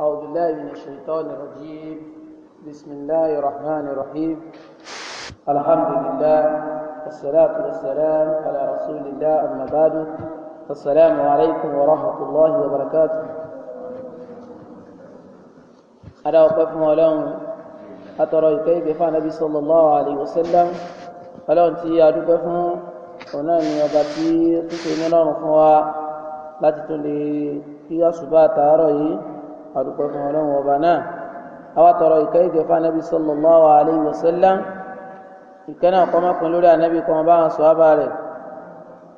أعوذ بالله من الشيطان الرجيم بسم الله الرحمن الرحيم الحمد لله والصلاة والسلام على رسول الله أما بعد السلام عليكم ورحمة الله وبركاته أنا أوقف مولانا أترى كيف النبي صلى الله عليه وسلم ọlọ́run أنت يا dúpẹ́ fún òun náà ni ọba tí tó ṣe ní ọlọ́run fún wa láti tún lè kí àṣùbà àtàárọ̀ yìí adúpẹ́ fún ọlọ́run ọba náà àwa tọrọ ìkẹ́ ìgẹ̀ fún anabi sallallahu alayhi wa sallam ìkẹ́ náà kọ́ mọ́kùn lórí anabi kọ́ mọ́ bá wọn sọ ábà rẹ̀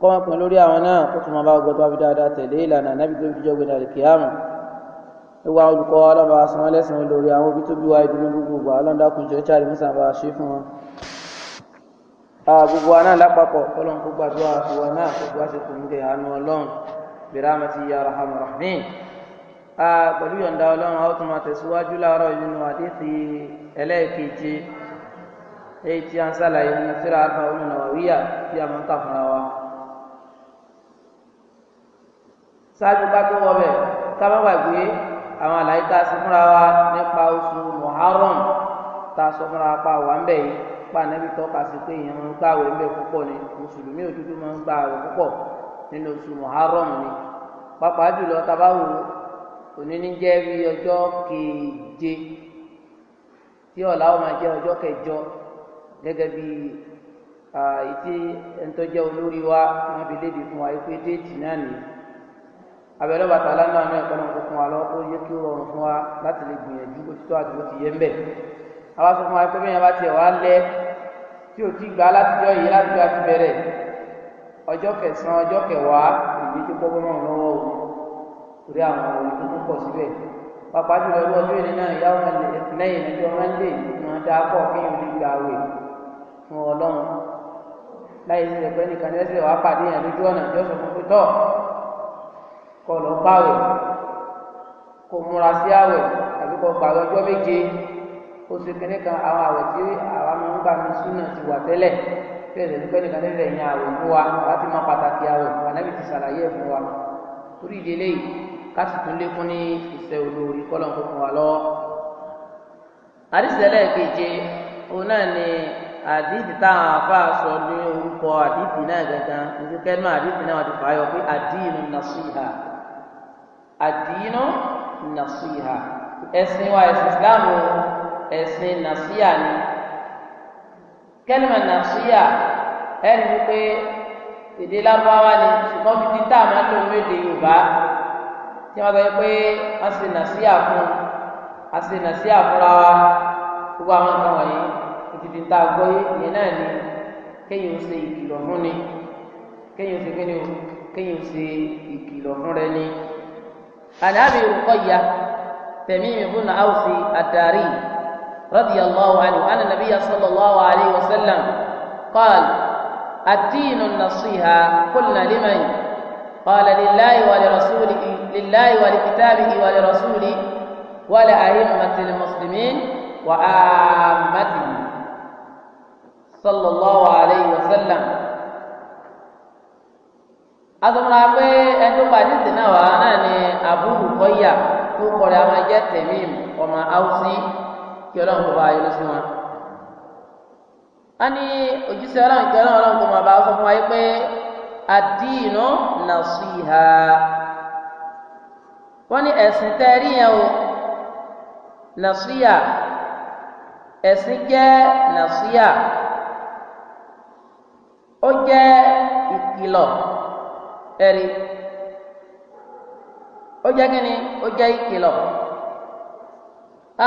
kọ́ mọ́kùn lórí àwọn náà kó tó mọ́ bá gbọ́dọ̀ àbí dáadáa tẹ̀lé ìlànà anabi tó ń fi jọ́gbìn àlìkìyàmù ìwà olùkọ́ ọlọ́ba asan ẹlẹ́sìn olórí àwọn òbí tó bí wa gbogbo àlọ́ndàkùn jẹ́ wọn. náà lápapọ̀ ọlọ́run kó gbàdúrà ọlọ́run bẹ̀rẹ̀ àmọ́ ti yára hàmù pẹ̀lú yọ̀ǹda ọlọ́run ó tún máa tẹ̀síwájú láàárọ̀ yìí nínú àdéhì ẹlẹ́ẹ̀kejì èyí tí a ń sàlàyé nínú síra àgbà olùnà wíyà tí a máa ń kà fúnra wa. ṣáájú bá tó wọ bẹ̀ ká má gbàgbé àwọn àlàyé tá a sì fúnra wa nípa oṣù Muharram tá a sọ fúnra pa wà ń yìí pa nẹ́bí tọ́ka sí pé èèyàn máa ń gbààwé ń bẹ̀ púpọ̀ ni mùsùlùmí òdodo máa ń gbààwé púpọ̀ nínú oṣù Muharram ni pàápàá jùlọ tá òní ní jẹ́ bí ọjọ́ keje tí ọ̀la ó máa jẹ́ ọjọ́ kẹjọ gẹ́gẹ́ bí ìtí ẹnitọ́jẹ́ olórí wa wọ́n fi léde fún wa pé déètì náà ni abẹ́rẹ́ bàtà lánàá náà ẹ̀kọ́ náà kó fún wa lọ́wọ́ kó yẹ kí ó rọrùn fún wa láti lè gbìyànjú bó ti tọ́ àti bó ti yẹ ń bẹ̀ àwa sọ fún wa pé bẹ́ẹ̀ bá tiẹ̀ wá lẹ́ tí o ti gbà látijọ́ yìí látijọ́ àti bẹ̀rẹ̀ ọjọ́ kẹsàn-án ọjọ́ kẹwàá ìgbésí pọ́pọ́ náà lọ́wọ́ òun torí àwọn ọ̀rọ̀ tó púpọ̀ síbẹ̀ pàpà jùlọ ní ọjọ́ ìrìn náà ìyá ọmọ lẹ́yìn ẹjọ́ mẹ́ndé wọn dá pọ̀ kí n lè gba àwẹ̀ fún ọlọ́run láyé sí ẹ̀pẹ́ nìkan ní ẹsẹ̀ wàá pàdé yẹn lójú ọ̀nà ìjọ sọ fún pétọ́ kọ lọ báwẹ̀ kò múra sí àwẹ̀ àbí kọ gbà ọjọ́ méje oṣù kìíní kan àwọn àwẹ̀ tí àwa máa ń bá mi súnà ti wà tẹ́lẹ̀ bí ẹ̀sẹ̀ nípẹ́ nìkan ní ẹ̀yìn àwẹ̀ fún wa láti má pàtàkì àwẹ̀ ànábì ti ṣàlàyé ẹ̀ fún wa torí ìdílé yìí láti tún lékún ní iṣẹ́ olórí kọ́lọ́n kó fún wa lọ́wọ́. àdìsẹ́lẹ̀ keje òun náà ni àdìsí táwọn afá sọ ní orúkọ àdìsí náà gangan nítorí náà àdìsí náà ti fàáyọ pé àdìínú nàṣíhà àdìínú nàṣíhà ẹ̀sìn wa ẹ̀sìn Ìsìláàmù ẹ̀sìn nàṣíhà ni kẹ́lìmọ̀ nàṣíhà ẹ̀rí wípé èdè lábáwá ni ṣùgbọ́n fi ti tá a máa Yorùbá tí wọ́n sọ pé wọ́n sì nà sí àfún a sì nà sí àfúnra wa gbogbo àwọn nǹkan wọ̀nyí ìdìdì tá a gbọ́ yẹn náà ni kéèyàn ó ṣe ìkìlọ̀ fún ni kéèyàn ó ṣe kéèyàn ó kéèyàn ó ṣe ìkìlọ̀ fún rẹ ni. ànábì Ruqayya Tamim ibn Aws ad-Dari radiyallahu anhu anna nabiyya sallallahu alayhi wa sallam qala ad-dinu an-nasiha qulna liman. قال لله ولرسوله لله ولكتابه ولرسوله ولأئمة المسلمين وعامته صلى الله عليه وسلم azọmọlá pé ẹjọ pàdísì náà wà náà ni àbúrò kọyà tó kọrẹ àwọn ẹjẹ tẹmíìmù ọmọ haúsí kí Ọlọ́run kó bá yọrọ sí wọn. a ní òjíṣẹ́ Ọlọ́run kí Ọlọ́run Ọlọ́run kó máa bá a sọ fún wa yìí pé àdínú nàṣìhà wọ́n ní ẹ̀sìn tẹ́rí yẹn o nàṣìhà ẹ̀sìn jẹ́ nàṣìhà ó jẹ́ ìkìlọ̀ ẹ̀rí ó jẹ́ kí ni ó jẹ́ ìkìlọ̀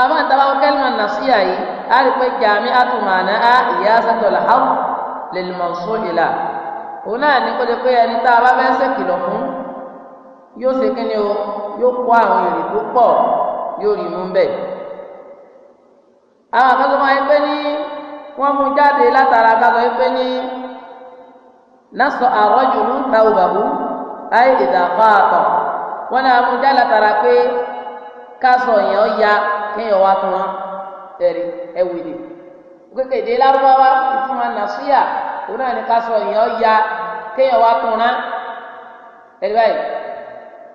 àwọn àtàwọn kẹlìmọ̀ nàṣìhà yìí á rí pé jàmí àtùmọ̀ àná á ìyá sàtọ̀ làhàwù lè lè mọ̀ sóyè láà. òun náà ní kó pé ẹni tá a bá fẹ́ ṣèkìlọ̀ fún yóò ṣe kí ni o yóò kó àwọn èrè tó pọ̀ yóò rí mú bẹ́ẹ̀. àwọn máa ń ní wọ́n mú jáde látara ká sọ ní násọ ń ta òbàbù wọ́n náà mú jáde látara pé ká yẹn ó ya kéèyàn wá tún wọn òun náà ní ká sọ èèyàn ya kéèyàn wá tún rán ẹ̀rí báyìí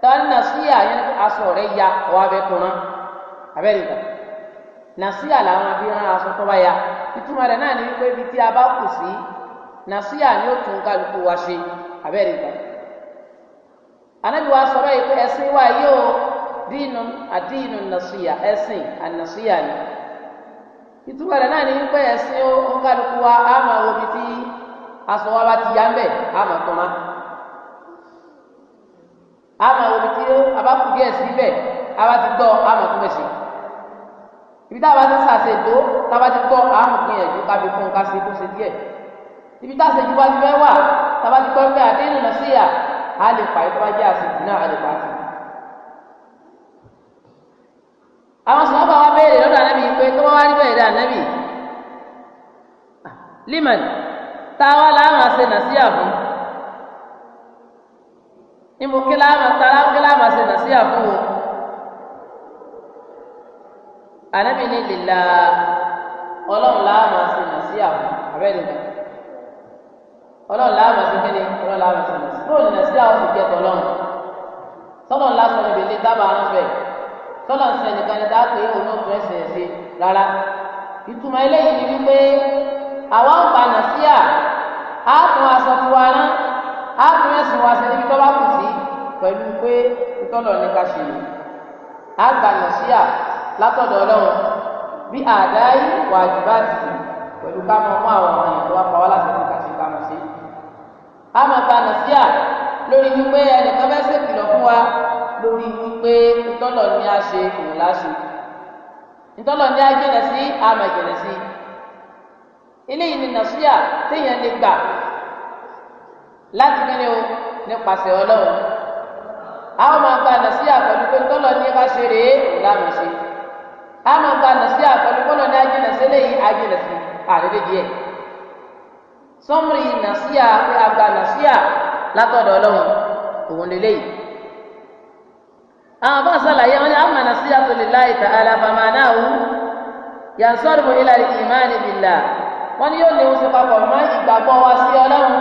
tọ́ni nàṣíyà yẹn aṣọ rẹ̀ ya ọwọ́ abẹ́ tún rán abẹ́rẹ́ ìgbà nàṣíyà làwọn abí rán aṣọ tó bá ya ìtumọ̀ rẹ̀ náà ní wípé ibi tí a bá kù sí nàṣíyà ni ó tún kálukú wa ṣe abẹ́rẹ́ ìgbà anabiwa sọ̀rọ̀ yìí pé ẹ̀sìn wa yóò dínú àdínú nàṣíyà ẹ̀sìn ànàṣíyà ni ìtumọ̀ rẹ̀ náà ní wípé ẹ̀sìn ó ń kálukú wa á máa tí aṣọ wa bá ti yá mbẹ àmọ tọ́nà àmọ omi tí a bá kú díẹ̀ síbẹ̀ a bá ti gbọ́ àmọ tó bẹ̀ sí ibi tá a bá ti sàṣe tó tá a bá ti gbọ́ àmọ gbìyànjú ká fi kún ká ṣe kó ṣe díẹ̀ ibi tá a ṣe ju ti fẹ́ wà tá a bá ti gbọ́ pé àdé nìyẹn sí yà á lè fà ìfọwọ́ jẹ́ àṣìkò náà á lè fà sí. àwọn sọ̀rọ̀ bá wa béèrè lọ́dọ̀ ànábì pé tó wá wá níbẹ̀ dá ànábì ah, liman táwa láwọn ṣe nà sí àfún níbo kí láwọn tara kí láwọn ṣe nà sí àfún o ànábì ní lìlà ọlọ́run láwọn ṣe nà sí àfún abẹ́rẹ́ mi ọlọ́run láwọn ṣe kí ni ọlọ́run láwọn ṣe nà sí bóòlù nà sí àwọn ṣe kẹtọ ọlọ́run sọlọ́n lásán níbi ilé dábàá ránṣẹ́ sọlọ́n sẹ́nìkan ni dáàpé òun ò tún ẹ̀sìn ẹ̀sìn rárá ìtumọ̀ eléyìí ni wípé àwa ń pa nàṣíà á tún aṣọ fún wa rán á tún ẹ̀sùn wa sí níbi tó bá kù sí pẹ̀lú pé ìtọ́lọ̀ ní ká ṣe á gba nàṣíà látọ̀dọ̀ ọlọ́run bí àdáyé wà jù bá ti pẹ̀lú ká mọ mọ àwọn ọ̀ràn tó wá pa wá láti ẹ̀ka ṣe ká sí. á máa gba nàṣíà lórí wípé ẹnìkan fẹ́ ṣèkìlọ̀ fún wa lórí wípé ìtọ́lọ̀ ní a ṣe kò láṣe ìtọ́lọ̀ ní a jẹ́nà sí àmà jẹ́nà sí i eléyìí ni nàṣíà téèyàn lè gbà láti kíni o nípasẹ̀ ọlọ́run àwọn máa gba nàṣíà pẹ̀lú pé tọ́lọ̀ ní ká ṣe rèé lánàá ṣe àwọn máa gba nàṣíà pẹ̀lú kọ́lọ̀ ní ajínà sí eléyìí ajínà sí àrídé díẹ̀ sọmúrì nàṣíà pé a gba nàṣíà látọ̀dọ̀ ọlọ́run òun lélẹ́yìí àwọn bá sàlàyé wọn ni àmà nàṣíà tó lè láì tà àlàfàmà náà wù yànsọ́rùmù ilà ìmáàlì bìlà. wọ́n ní yóò léwu sí papọ̀ mọ́ ìgbàgbọ́ wa sí ọlọ́run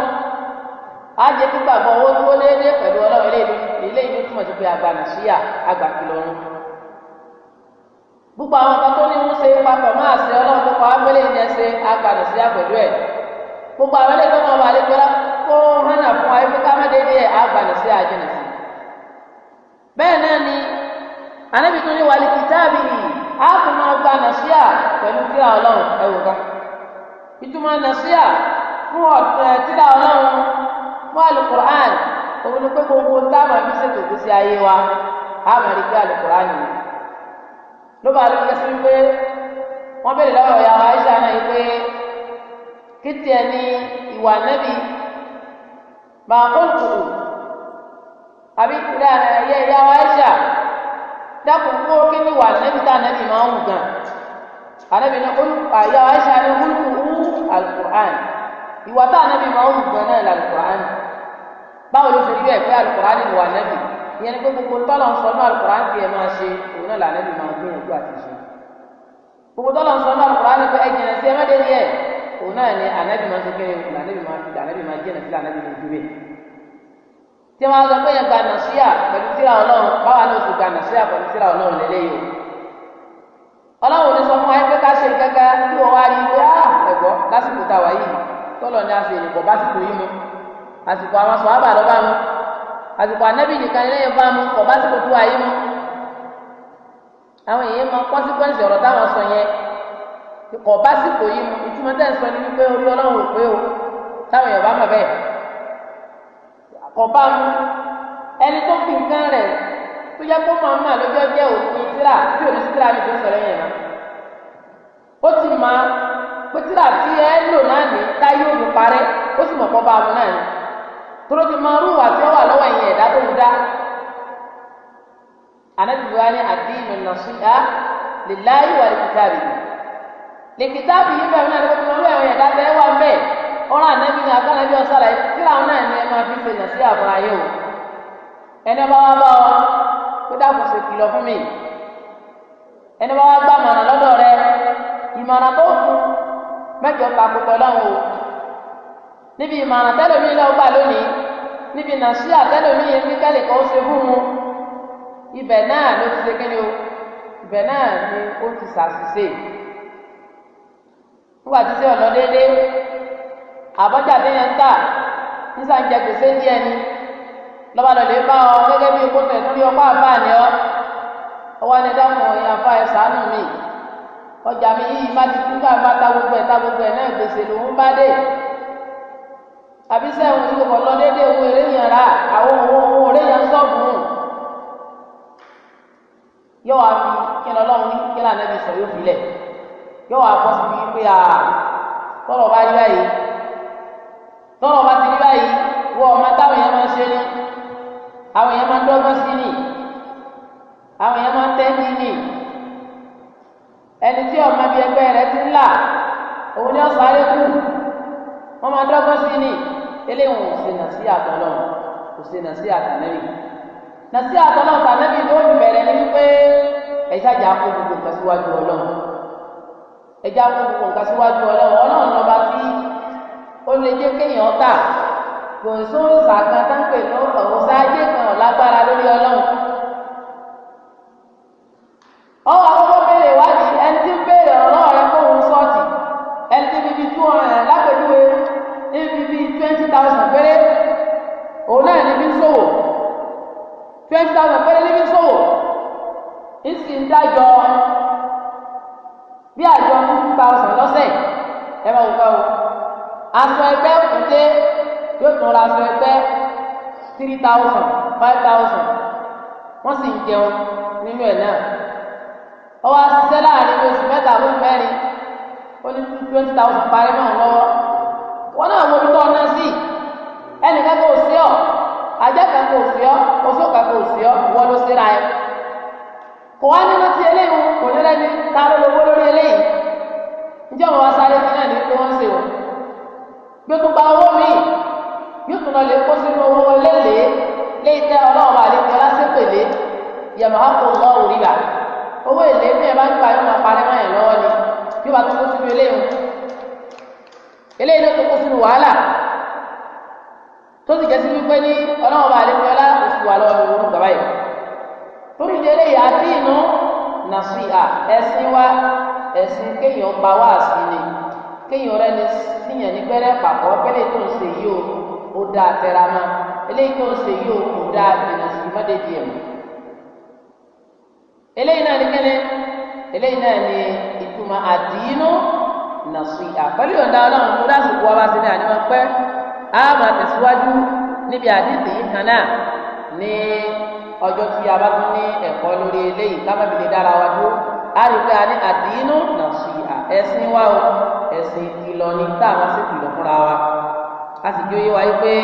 á jẹ́ owó dúró pẹ̀lú ọlọ́run eléyìí ní túmọ̀ sí pé àgbà nìṣíyà gbogbo àwọn kan tó ní papọ̀ mọ́ àṣẹ ọlọ́run tó pa ẹsẹ̀ pẹ̀lú ẹ̀ gbogbo àwọn wà lẹ́gbẹ́ kó fún wa ẹgbẹ́ ẹ̀ sí bẹ́ẹ̀ náà ni ìtumọ̀ nàṣíà fún ọ̀tún ẹ̀tídà ọlọ́run fún alukur'an òun ni pé gbogbo ń dáàmà bí ṣètò ìgbésí ayé wa á máa rí pé alukur'an yìí ló bá lóye sí pé wọ́n bèrè lọ́wọ́ ìyá wa Aisha náà yìí pé kìtì ẹ̀ ní ìwà nẹ́bí máa kó tùrù àbí ìyá wa Aisha dákun kó kí ni ìwà nẹ́bí tá nẹ́bí máa ń wù gan anabi ní ayé wa aisha ní hulku hu alukur'an ìwà tá anabi máa ń gbọ́n náà alukur'an báwo ló ṣe rí bẹ́ẹ̀ pé alukur'an ni wà anabi ìyẹn ni pé gbogbo tọ́lọ̀ ń sọ ní alukur'an fi ẹ̀ máa ṣe òun náà lànàbi máa gbìyànjú àti ṣe gbogbo tọ́lọ̀ ń sọ ní alukur'an pé ẹ jìnà sí ẹ má dé rí ẹ òun náà ni anabi máa ń ṣe kéré lànàbi máa fi lànàbi máa jìnà sí lànàbi máa dúró tí wọn sọ pé ọlọ́run ní sọ fún ayé ká ṣe kẹ́kẹ́ kí wọ́n wá rí i á ah, ẹ̀gbọ́ lásìkò tá a wà yìí sọ àbàlọ́ bá mu àsìkò nìkan ní lẹ́yìn bá mu kọ̀ básìkò tó wà yìí mu àwọn èèyàn mọ consequence ọ̀rọ̀ táwọn sọ yẹn básìkò yìí mu ìtumọ̀ tẹ́ ń sọ ni wípé orí ọlọ́run o táwọn èèyàn bá mọ̀ bẹ́ẹ̀ kọ̀ bá mu ẹni tó fi tíra tí o ní tíra mi tó sọ̀rọ̀ yẹn náà ó ti mọ pé tíra tí ẹ ń lò náà ní táyé òun parẹ́ ó sì mọ̀ kọ́ba àwọn náà ní tóró ti mọ irú ìwà tí ó wà lọ́wọ́ ẹ̀yìn ẹ̀dá tó ń dá anábìbí wa ní àdínù nàṣíà lillahi wa likitabi likitabi yìí bẹ̀rẹ̀ náà ni wọ́n ti mọ irú ẹ̀yìn ẹ̀dá tẹ́ wà mẹ́ẹ̀ ọ̀rọ̀ ànábì ní abánábì ọ̀sára yìí tíra náà ní ẹ máa fi ṣe nàṣíà fún ayé o ẹni ọba wa bá ọ pé dákùn ṣèkìlọ̀ fún mi. ẹni bá wá gbà mọ̀nà lọ́dọ̀ rẹ ìmọ̀nà tó fún mẹ́jọ pẹ̀lú àwọn o níbi ìmọ̀nà tẹ́lẹ̀mí náà gbà lónìí níbi nàṣíà tẹ́lẹ̀mí yẹn fi kẹ́lẹ̀ kan ṣe fún ibẹ̀ náà ló ti ṣe o ibẹ̀ náà ni ó ti ṣàṣìṣe nígbà tí ṣe ọ̀nà àbọ̀jà ọ gẹ́gẹ́ bí ọ ọwọ́ ni dáhùn ẹ̀yìn afá ẹ̀ sànù mi ọjà mi yìí má ti kún káàmá ta gbogbo ẹ̀ ta gbogbo ẹ̀ náà gbèsè lòún bá dé àbí sẹ́wọ̀n yìí kò lọ déédéé ohun èrè yẹn rà àwọn ohun ohun èrè yẹn sọ́ọ̀bù yóò wá fi kí ni ọlọ́run ní kí lànà ẹbí sọ yóò fi lẹ̀ yóò wá bọ́ síbi pé à tọ́lọ̀ bá rí báyìí tọ́lọ̀ bá ti rí báyìí wọ́n ọmọ táwọn èèyàn máa ń ṣe ni àwọn èèyàn máa ń dọ́gbọ́n sí ni àwọn èèyàn máa ń tẹ́tí ni ẹni tí ọmọ bíi ẹgbẹ́ rẹ ti ń là òun ni ọ̀sán ayé kù wọ́n máa dọ́gbọ́n sí ni eléyìí ò sì nà sí àtọ́lọ́ kò sì nà sí àtànẹ́bì nà sí àtọ́lọ́ àtànẹ́bì ló ń bẹ̀rẹ̀ ní wípé ẹ̀já jà kó gbogbo nǹkan síwájú ọlọ́run ẹ̀já kó gbogbo nǹkan síwájú ọlọ́run ọlọ́run lọ́ba tí ó lè jẹ́ kéèyàn tà kò sóòsà kan ọwọ́ àkọ́kọ́ béèrè ìwádìí ẹni tí ń béèrè ọ̀rọ̀ náà rẹ kó òun sọ́ọ̀tì ẹni tí bíbí two hundred lápẹ̀júwe ní bíbí twenty thousand péré òun náà ní bí sòwò twenty thousand péré ní bí sòwò ń sì ń dájọ́ bí àjọ two thousand lọ́sẹ̀ ẹ máa wò ká o aṣọ ẹgbẹ́ òkúté yóò tún ra aṣọ ẹgbẹ́ three thousand five thousand wọ́n sì ń jẹun nínú ẹ̀ náà ọwọ́ aṣiṣẹ́ láàrin oṣù mẹ́ta fún mẹ́rin ó ní twenty thousand parí náà lọ́wọ́ wọn náà mo tọ́ náà sí ẹnìkan kò sí ọ ajá kan kò sí ọ oṣù kan kò sí ọ ìwọ ló sí ra ẹ kò wá nínú ti eléyìí kò ní lẹ́ni ta ló lówó lórí eléyìí níjẹ́ wọn wá sáré fún náà ní pé wọ́n ń ṣe wọ́n bí o tún gba owó mi yóò tún lọ lè kó sínú owó lélẹ̀ẹ́ léyìí tẹ́ ọlọ́run àlejò ọlásèpèlé yàmọ̀ àpò ọlọ́run rírà owó èlé bí ẹ bá ń pa yóò máa parẹ́ máa yàn lọ́wọ́ ni yóò bá tún kó sínú eléyìí eléyìí ló tún kó sínú wàhálà tó sì jẹ́ sí wípé ní ọlọ́run bá àlejò ọlá oṣù wà lọ́wọ́ ìwọ̀n gbà báyìí torí ìdí eléyìí àti inú nàṣì à ẹ̀sìn wa ẹ̀sìn kéèyàn pa wá sí ni kéèyàn rẹ ni síyàn ní pẹ́rẹ́ pàpọ̀ pẹ́lẹ́ tó ń ṣe yìí o ó dáa tẹra mọ́ eléyìí tó ń ṣe yìí o kò dáa jìnnà sí eléyìí náà ní kẹ́ni eléyìí náà ní ìtumọ̀ àdínú nàṣíà pẹ̀lú ìyọ̀ǹda ọlọ́run tó dásìkò wa bá ti ní àníwọ̀n pẹ́ a máa tẹ̀síwájú níbi àdìsí yìí kan náà ní ọjọ́ tí a bá tún ní ẹ̀kọ́ lórí eléyìí ká má fi lè dára wa dúró a rí pé a ní àdínú nàṣíà ẹ̀sìn wa o ẹ̀sìn ìkìlọ̀ ni tá a máa ṣe kìlọ̀ fúnra wa a sì jó yé wa pé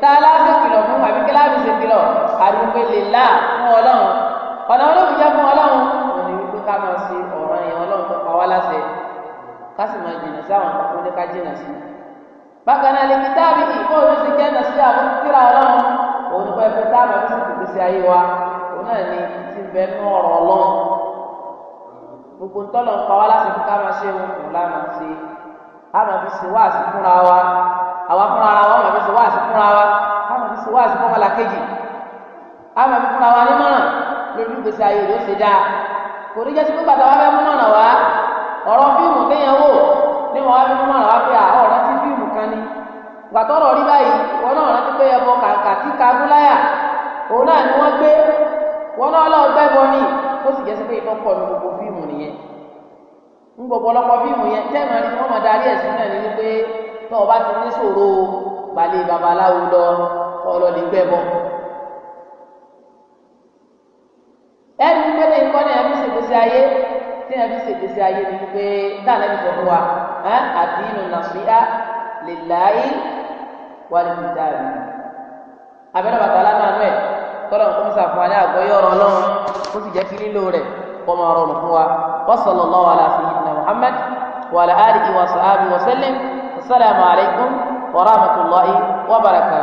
tá a lá ṣe kìlọ̀ fún àbíkẹ́lá mi ṣe kìlọ̀ àdúgbò lè lá fún ọlọ́run ọ̀nà olóògùn jẹ́ fún ọlọ́run òun ni wípé ká máa ṣe ọ̀ràn yẹn ọlọ́run tó pa wá láṣẹ ká sì máa jìnà sí àwọn tó ní ká jìnà sí. bákan náà lè fi táàbì kí kó olóògùn ti jẹ́nà sí àwọn kíra ọlọ́run òun kọ́ ẹgbẹ́ táàbì tó ti gbèsè ayé wa òun náà ni ti bẹ nú ọ̀rọ̀ ọlọ́run gbogbo ntọ́lọ̀ ń pa wá láṣẹ ká máa ṣe òun kò láàmú sí i á máa fi ṣe wáàsí fúnra wa àwa fúnra wa á máa fi ṣe wáàsí fúnra wa á máa fi ṣe wáàsí lójú gbèsè ayé rẹ̀ ó ṣe dáa kò ní jẹ́ pé bàtà wa fẹ́ mú mọ̀nà ọ̀rọ̀ fíìmù téèyàn wò ní wọn wá fi mú mọ̀nà pé à ọ̀rọ̀ ti fíìmù kan ni gbàtọ́ ọ̀rọ̀ rí báyìí wọn náà rántí pé ẹbọ kagúláyà òun náà ni gbé wọn náà ni ó sì ní gbogbo fíìmù nìyẹn gbogbo ọlọ́pọ̀ fíìmù yẹn tẹ́ẹ̀mà kọ́ ni ẹbí ṣègbésí ayé tí ẹbí ṣègbésí ayé ni pé dáná ẹbí sọ fún wa àti inú nàṣíà lè láyé wà ní ìdá rẹ abẹ́rẹ́ bàtà aláàánú ẹ̀ tọ́lọ̀ nǹkan sà fún wa ní àgbọ́yé ọ̀rọ̀ ọlọ́run ó sì jẹ́ kí nílò rẹ̀ kọ́ máa rọrùn fún wa wa sallallahu ala sayyidina muhammad wa ala alihi wa sahbihi wa sallam assalamu alaikum wa rahmatullahi wa